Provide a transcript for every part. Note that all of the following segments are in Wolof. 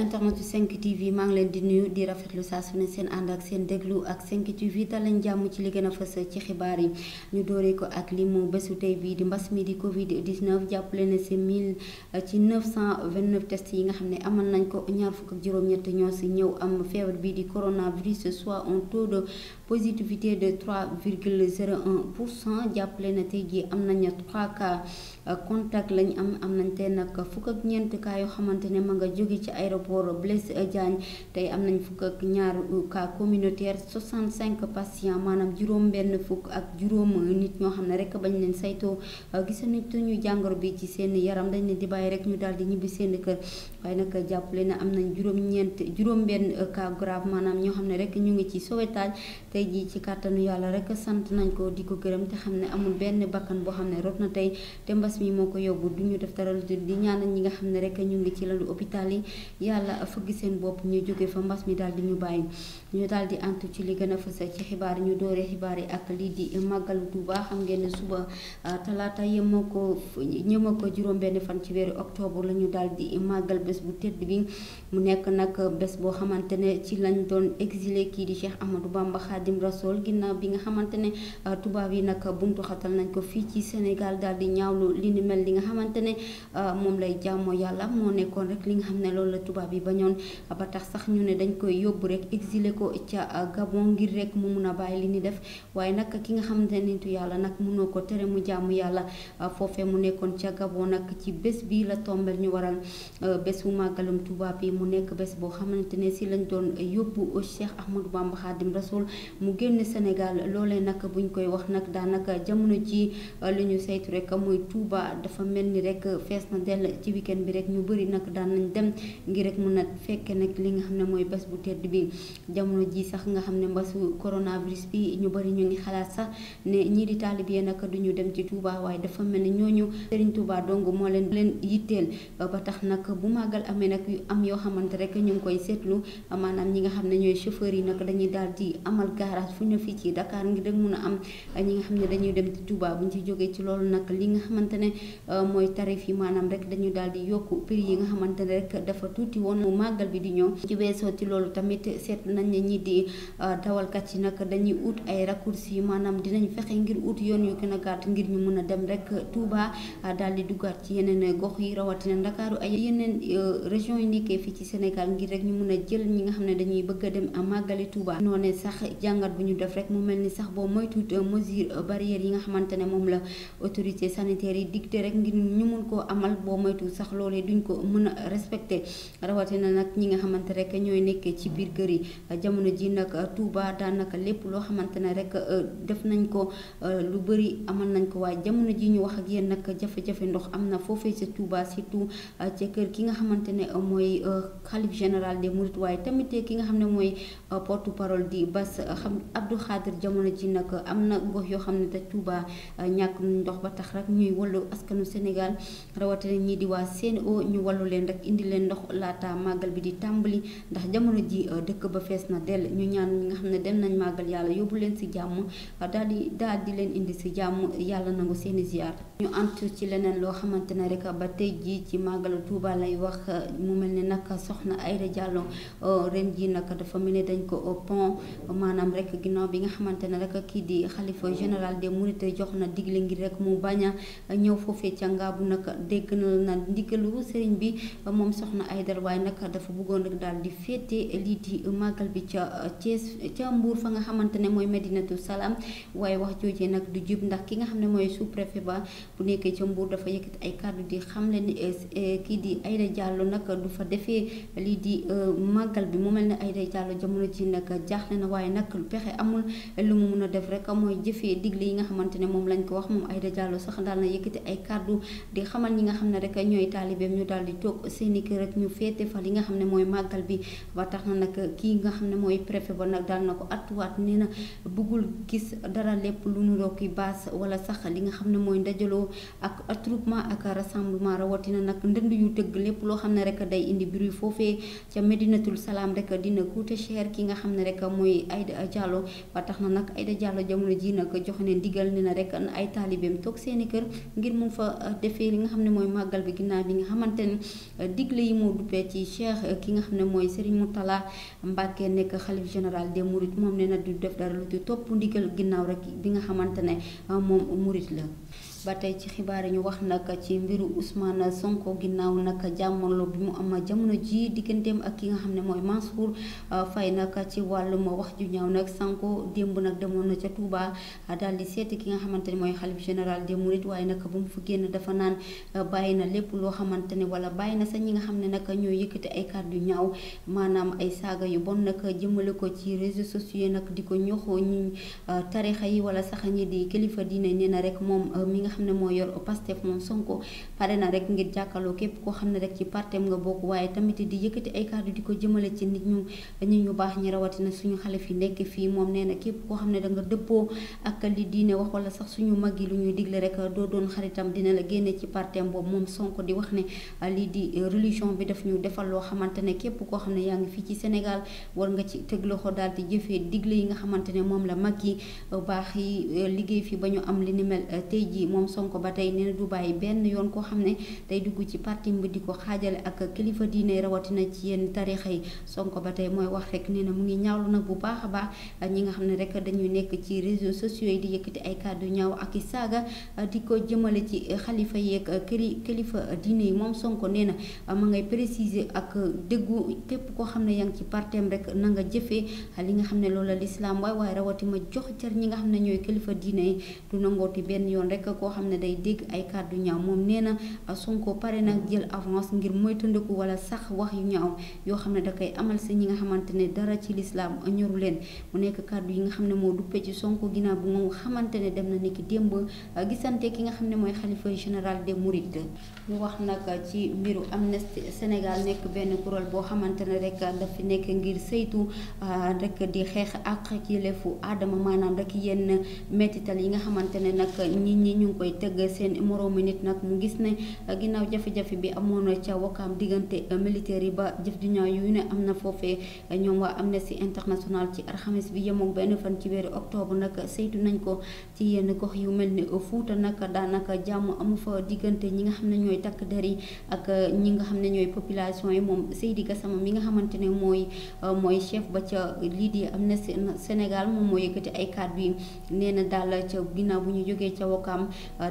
internet yu 5 TV maa ngi leen di nuyu di rafetlu saa su ne seen ànd ak seen déglu ak 5 TV daleen jàmm ci li gën a fës ci xibaar yi ñu dooree ko ak li mu bésu tey bii di mbas mi di Covid 19 jàppale ne si 1000 euh, ci 929 tests yi nga xam ne amal nañ ko ñaar fukk ak juróom-ñett ñoo si ñëw am feebar bii di coronavirus soit un taux de positivité de 3,01 pour cent jàppale ne tey jii am nañ 3 cas euh, contact lañ am am nañ tey nag fukk ak ñeent cas yoo xamante ne ma nga jóge ci aéroport. aéroport Blaise Diagne tey am nañ fukk ak ñaar cas communautaire 65 patients maanaam juróom mbenn fukk ak juróom nit ñoo xam ne rek bañ leen saytoo gis ñu jàngoro bi ci seen yaram dañ leen di bàyyi rek ñu daal di ñibbi seen kër waaye nag jàppale na am nañ juróom ñeent juróom benn cas maanaam ñoo xam ne rek ñu ngi ci sauvetage tey jii ci kàttanu yàlla rek sant nañ ko di ko gërëm te xam ne amul benn bakkan boo xam ne rot na tey te mbas mi moo ko yóbbu duñu def dara di ñaanal ñi nga xam ne rek ñu ngi ci lalu hôpital yi yàlla fëgg seen bopp ñu jóge fa mbas mi daal di ñu bàyyi ñu daal di antu ci li gën a fës ci xibaar ñu doore xibaar yi ak lii di màggalu Tuuba xam ngeen ne suba ah, talaata yema ko ñema ko juróom-benn fan ci weeru octobre la ñu daal di màggal bés bu tedd bi mu nekk nag bés boo xamante ne ci lañu doon exilé kii di Cheikh Ahmadou Bamba Khadim Rasoul ginnaaw bi nga xamante ne ah, tubaab yi nag buntu xatal nañ ko fii ci Sénégal daal di ñaawlu li ni mel li nga xamante ne ah, moom lay jàmmoo yàlla moo nekkoon rek li nga xam ne loolu la tubaab bi ba ñoon ba tax sax ñu ne dañ koy yóbbu rek exilé ko ca euh, gabon ngir rek mu mun a bàyyi li ni def waaye nag ki nga xam ne nitu yàlla nag mënoo ko tere mu jaamu yàlla euh, foofee mu nekkoon ca gabon nag ci bés bi la tomber ñu waral euh, bés bu màggalum tuba bi mu nekk bés boo xamante ne si lañ doon yóbbu cheikh ahmadou bamba rasul mu génn sénégal loolee nag buñ koy wax nag daanaka jamono ci lu ñu saytu rek muy touba dafa mel ni rek fees na del ci weekend bi rek ñu bëri nag daan nañ dem ngir rek mu nag fekke nag li nga xam ne mooy bés bu tedd bi jamono ji sax nga xam ne mbasu coronavirus bi ñu bari ñu ngi xalaat sax ne ñii di taalibe naka duñu dem ci Touba waaye dafa mel ne ñooñu Serigne Touba dong moo leen leen yitteel ba tax nag bu màggal amee nag yu am yoo xamante rek ñu ngi koy seetlu maanaam ñi nga xam ne ñooy chauffeur yi nag dañuy daal di amal garage fu ñu fii ci Dakar ngir rek mun a am ñi nga xam ne dañuy dem ci Touba buñ ci jógee ci loolu nag li nga xamante ne mooy tarif yi maanaam rek dañu daal di yokku prix yi nga xamante ne rek dafa tuuti woon woon mu màggal bi di ñëw ci weesoo ci loolu tamit seet nañ ne ñi di ah, dawalkat yi nag dañuy ut ay raccourci yi maanaam dinañ fexe ngir ut yoon yu gën a gàtt ngir ñu mën a dem rek Touba ah, daal di duggaat ci yeneen gox yi rawatina Ndakaaru ay yeneen euh, région yi nekkee fii ci Sénégal ngir rek ñu mën a jël ñi nga xam ne dañuy bëgg a dem a màggali Touba noonu sax jàngat bu ñu def rek mu mel ni sax boo moytuut euh, mesure euh, barrière yi nga xamante ne moom la autorité sanitaire yi digte rek ngir ñu mun koo amal boo moytu sax loolee duñ ko mën a respecté rawatina nag ñi nga xamante rek ñooy nekkee ci biir kër yi jamono ji nag euh, Touba daanaka lépp loo xamante ne rek euh, def nañ ko euh, lu bëri amal nañ ko waaye jamono ji ñu wax ak yéen nag jafe ndox am na foofee sa Touba surtout ci kër ki nga xamante ne mooy xalif général des Mourides waaye tamit ki nga xam ne mooy porte parole di Bass xam Abdou Khadir jamono ji nag am na gox yoo xam ne te Touba ñàkk ndox ba tax rek ñuy wallu askanu Sénégal rawatina ñii di waa Sen'Eau ñu wallu leen rek indi leen ndox laat ta magal bi di tambali ndax jamono ji eh, dekk ba fess na del ñu ñaan ñi nga xamne dem nañ magal yalla yobul leen si jamm eh, daal di daal di leen indi si jamm yalla nangu seen ziar ñu antu ci leneen lo xamantene rek ba tay ji ci magal Tuuba lay wax eh, mu melni nak nag soxna Aïda jallo ren ji nak dafa melni dañ ko pont manam rek ginnaw bi nga xamantene rek ki di khalifa general de mourite jox na digle ngir rek mu baña ñew fofé ci ca na serigne bi mom soxna Aïda way nak dafa bëggoon rek daal di fété e li di e magal bi ca Thiès e ca Mbour fa nga xamantene moy Medinatu salam way wax jojé nak du jub ndax ki nga xam moy sous préfet ba bu nekké ca Mbour dafa yëkkati ay cadre di xam ni ki di ayda Diallo nak du fa défé li di magal bi mu melni ayda Aïda Diallo jamono ji nak jaaxle na way nak lu pexé amul lu mu mëna def rek moy jëfé diglé yi nga xamantene mom lañ ko wax mom ayda Diallo sax daal na yëkkati ay cadre di xamal ñi nga xam rek ñoy talibé ñu daal di tok seeni kër rek ñu féete defal li nga xam ne mooy màggal bi ba tax na nag kii nga xam ne mooy préfet ba nag daal na ko attuwaat nee na bëggul gis dara lépp lu nu rokki baas wala sax li nga xam ne mooy ndajaloo ak attroupement ak rassemblement rawatina nag ndënd yu tëgg lépp loo xam ne rek day indi bruit foofee ca Medinatul Salaam rek dina coûter cher ki nga xam ne rek mooy Aïda Diallo ba tax na nag Aïda Diallo jamono ji nag joxe ne ndigal ne na rek ay taalibeem toog seeni kër ngir mun fa defee li nga xam ne mooy màggal bi ginnaaw bi nga xamante ne digle yi moo duppee ci cheikh ki nga xam ne mooy Serigne Moutala Mbacke nekk xalif général de Mourides moom ne na du def dara lu topp ndigal ginnaaw rek bi nga xamante ne moom Mouride la. ba tey ci xibaar yi ñu wax nag ci mbiru Ousmane sonkoo ginnaaw nag jàmmaloo bi mu am jamono ji digganteem ak ki nga xam ne mooy Mansour euh, Faye nag ci wàllum wax ju ñaaw nag Sonko démb nag demoon na ca Touba euh, daal di seeti ki nga xamante ne mooy xalif général des waaye nag bu mu fu génn dafa naan euh, bàyyi na lépp loo xamante ne wala bàyyi na sa ñi nga xam ne nag ñoo yëkkati ay kàddu yu ñaaw maanaam ay saaga yu bon nag jëmale ko ci réseaux sociaux nag di ko ñoxoo ñi tarixa yi wala sax ñi di kilifa diine nee na rek moom mi nga nga xam ne moo yor Pastef moom Sonko pare na rek ngir jàkkaarloo képp koo xam ne rek ci partem nga bokk waaye tamit di yëkkati ay kàddu di ko jëmale ci nit ñu nit ñu baax ñi rawatina suñu xale fi nekk fii moom nee na képp koo xam ne da nga dëppoo ak li diine wax wala sax suñu mag yi lu ñuy digle rek doo doon xaritam dina la génne ci partem boobu moom Sonko di wax ne ah, lii di religion bi daf ñu defal loo xamante ne képp koo xam ne yaa ngi fii ci Sénégal war nga ci teg loxo daal di jëfee digle yi nga xamante ne moom la mag yi baax yi liggéey moom Sonko ba tey nee na du bàyyi benn yoon koo xam ne day dugg ci parti mba di ko xaajale ak kilifa diine rawatina ci yenn tarixa yi Sonko ba tey mooy wax rek nee na mu ngi ñaawlu nag bu baax a baax ñi nga xam ne rek dañuy nekk ci réseaux sociaux yi di yëkkati ay kàddu ñaaw ak i saaga di ko jëmale ci xalifa yeeg kili kilifa diine yi moom Sonko nee na ma ngay préciser ak déggu képp koo xam ne yaa ngi ci partem rek na nga jëfee li nga xam ne loolu la lislaam waaye waaye rawatina jox cër ñi nga xam ne ñooy kilifa diine yi du nangooti benn yoon rek ko koo xam ne day dégg ay kàddu ñaaw moom nee na ah, Sonko pare nag jël avance ngir moytandiku wala sax wax yu ñaaw yoo xam ne da koy amal si ñi nga xamante ne dara ci lislaam ñoru leen mu nekk kàddu yi nga xam ne moo duppe ci Sonko ginnaaw bu nga xamante ne dem na niki démb ah, gisante ki nga xam ne mooy xalifa général des Mourides ñu wax nag ci mbiru Amnesty Sénégal nekk benn kuréel boo xamante ne rek dafa nekk ngir saytu ah, rek di xeex ak yelleefu aadama maanaam rek yenn mettital yi nga xamante ne nag ñi ñu koy tëgg seen moroomu nit nag mu gis ne ginnaaw jafe-jafe bi amoon na ca wakaam diggante militaire yi ba jëf ju ñaaw yu ne am na foofee ñoom waa Amnesty International ci alxames bi yemoog benn fan ci weeru octobre nag saytu nañ ko ci yenn gox yu mel ni Fuuta nag daanaka jàmm amu fa diggante ñi nga xam ne ñooy takk der yi ak ñi nga xam ne ñooy population yi moom Seydi Gassama mi nga xamante ne mooy mooy chef ba ca lii di Amnesty Sénégal moom moo yëkkati ay kàddu yi nee na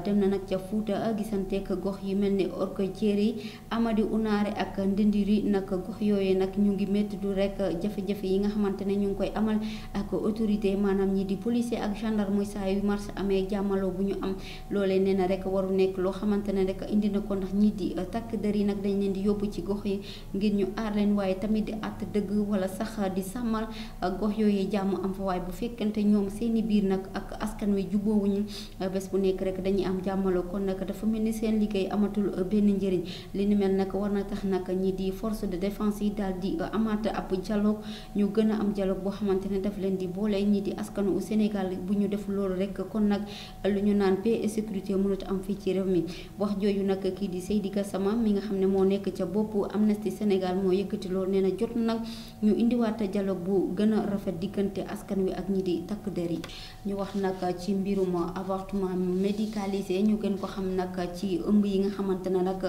dem na nak ca Fuuta ke gox yi melni orko Orkadiéré amadi unare ak Ndindiri nak gox yoyé nak ñu ngi metti du rek jafe-jafe yi nga xamantene ñu koy amal ak autorité manam ñi di police ak gendarme sa yu marché amé jamalo bu ñu am lolé néna rek waru nekk lo xamantene rek indi na ko ndax ñi di eh, tak dër yi nag dañ leen di yobbu ci gox yi ngir ñu ar leen waye tamit di att deug wala sax di samal eh, gox yoyé jàmm am fa waaye bu fekkante ñom seeni bir nak ak askan wi wuñu eh, bes bu nekk rek dañuy am jàmmalo kon nag dafa mel ni seen liggéey amatul uh, benn njëriñ li ni mel nag war na tax nag ñi di force de defense yi daal di uh, amaat ab dialogue ñu gën a am dialogue boo xamante ne daf leen di boole ñi di askanu au Sénégal bu ñu def loolu rek kon nag uh, lu ñu naan paix et sécurité mënut am fii ci réew mi wax jooju nag kii di Seydi sama mi nga xam ne moo nekk ca bopp Amnesty Sénégal moo yëkkati loolu nee na jot nag ñu indiwaat dialogue bu gën a rafet diggante askan wi ak ñi takk der yi hospitalisé ñu gën ko xam nak ci ëmb yi nga xamante nak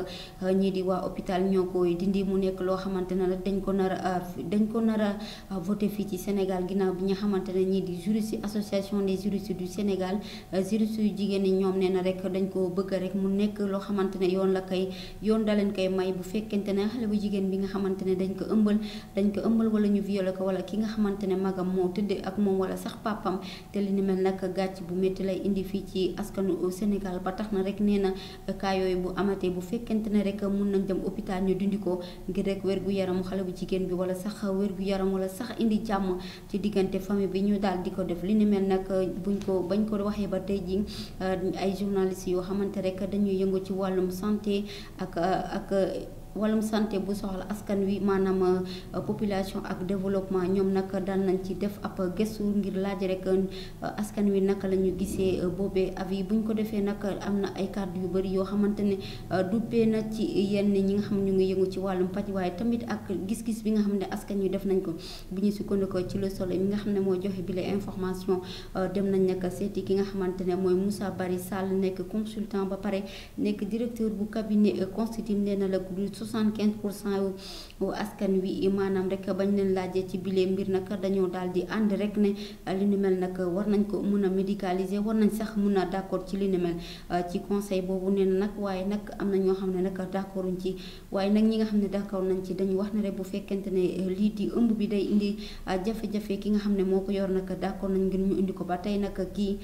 ñi di wa hôpital ñokoy dindi mu nekk lo nak dañ ko nara dañ ko nara a voté fii ci Sénégal ginaaw bi nga xamante ñi di juriste association des juristes du Sénégal juriste yu jigéen ni ñom neena rek dañ ko bëgg rek mu nekk lo xamante yoon la kay yoon da kay koy may bu fekkante ne xalé bu jigéen bi nga dañ ko ëmbël dañ ko ëmbël wala ñu violé ko wala ki nga xamante magam mo tuddé ak mom wala sax papam té li ni mel nak gatch bu metti lay indi fi ci askanu Sénégal ba tax na rek nee na cas yooyu bu amatee bu fekkente ne rek mun nañ dem hôpital ñu dindi ko ngir rek wérgu yaramu xale bu jigéen bi wala sax wérgu yaram wala sax indi jàmm ci diggante famille bi ñu daal di ko def li ni mel nag buñ ko bañ ko waxee ba tey ji euh, ay journalistes yoo xamante rek dañuy yëngu ci wàllum santé ak ak. wàllum santé bu soxla askan wi maanaam euh, population ak développement ñoom nag daan nañ ci def ab gëstu ngir laaj rek euh, askan wi naka la ñu gisee euh, boobee avis bu ñu ko defee nag am na ay kàddu yu bari yoo xamante ne duppee na ci yenn ñi nga xam ñu ngi yëngu ci wàllum paj tamit ak gis-gis bi nga xam ne askan wi def nañ ko bu ñu sukkandikoo ci le soleil mi nga xam ne moo joxe bi la dem nañ nag seeti ki nga xamante ne mooy Moussa Bari Sall nekk consultant ba pare nekk directeur bu cabinet constitué nee na la gudd 75 pour cent yu askan wi maanaam rek bañ leen laajee ci bile mbir nag dañoo daal di ànd rek ne uh, li ni nag war nañ ko mun a médicaliser war nañ sax mun a d' accord ci li ni uh, ci conseil boobu nen na nag waaye nag am na ñoo xam ne nag d' accorduñ ci waaye nag ñi nga xam ne d' accord nañ ci dañu wax ne rek bu fekkente ne uh, lii di ëmb bi day indi jafe-jafe ki nga xam ne moo ko yor nag d' accord nañ ngir ñu indi ko ba tey nag kii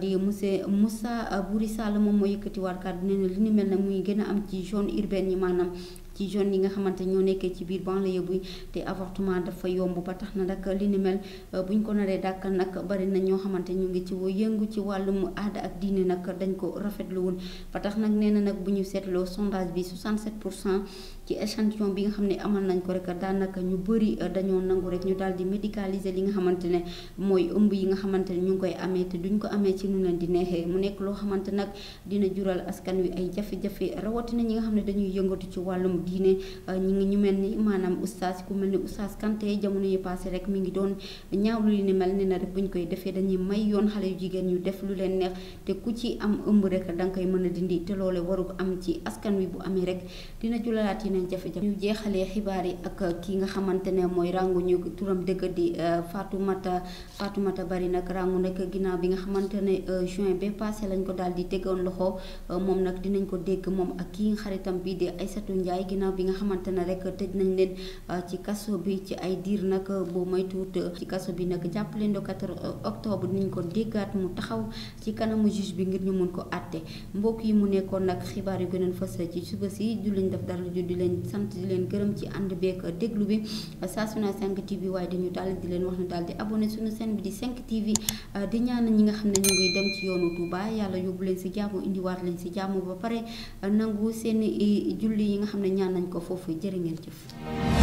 di monsieur Moussa Bouri Sall moom moo yëkkatiwaat kàddu nee na li ni mel nag muy gën a am ci zone urbaine yi maanaam ci jeunes yi nga xamante ñoo nekkee ci biir banlieue bi te avortement dafa yomb ba tax na nag li ni mel euh, buñ ko naree dàkkal nag bari nañ ñoo xamante ñu ngi ci yëngu ci wàllum aada ak diine nag dañ ko rafetlu woon tax nag nee na nag bu ñu seetloo sondage bi 67 pour cent ci échantillon bi nga xam ne amal nañ ko rek daanaka ñu bëri euh, dañoo nangu rek ñu daal di médicaliser li nga xamante ne mooy ëmb yi nga xamante ne ñu ngi koy amee te duñ ko amee ci nu leen di neexee mu nekk loo xamante nag dina jural askan wi ay jafe-jafe rawatina ñi nga xam ne dañuy yëngatu ci wàllum diine euh, ñi ngi ñu mel ni maanaam oustaz ku mel ni oustaz Kanté jamono yi passé rek mi ngi doon ñaaw li ni mel ne na rek bu koy defee dañuy may yoon xale yu jigéen ñu def lu leen neex te ku ci am ëmb rek danga koy mën a dindi te loole waru am ci askan wi bu amee rek dina julalaat yeneen jafe-jafe yu jeexalee xibaar yi ak ki nga xamante ne mooy ràngu ñu turam dëgg di euh, Fatoumata Fatoumata Bari nag ràngu nag ginnaaw bi nga xamante ne euh, juin ba passé lañ ko daal di teggoon loxo moom nag dinañ ko dégg moom ak ki xaritam bii di Aysatu Njaay ginaaw bi nga xamantene rek tëj nañ leen ci kasso bi ci ay dir nak bo boo tout ci kasso bi nak japp leen do 4 octobre niñ ko déggaat mu taxaw ci kanamu juge bi ngir ñu mën ko atté mbokk yi mu nekkon nak xibaar yu gënoon fës ci suba ci du leen def dara ju di leen sant di leen gërëm ci and beeg déglu bi saa su 5 TV waaye dañu dal di leen wax ne daal di abonné suñu chaîne bi di 5 TV di ñaan ñi nga xamne ñu ngi dem ci yoonu Touba yàlla yóbbu leen si indi indiwaat leen ci jàmm ba paré nangu seen julli yi nga xamne ne ñaan nañ ko foofu jërë ngeen jëf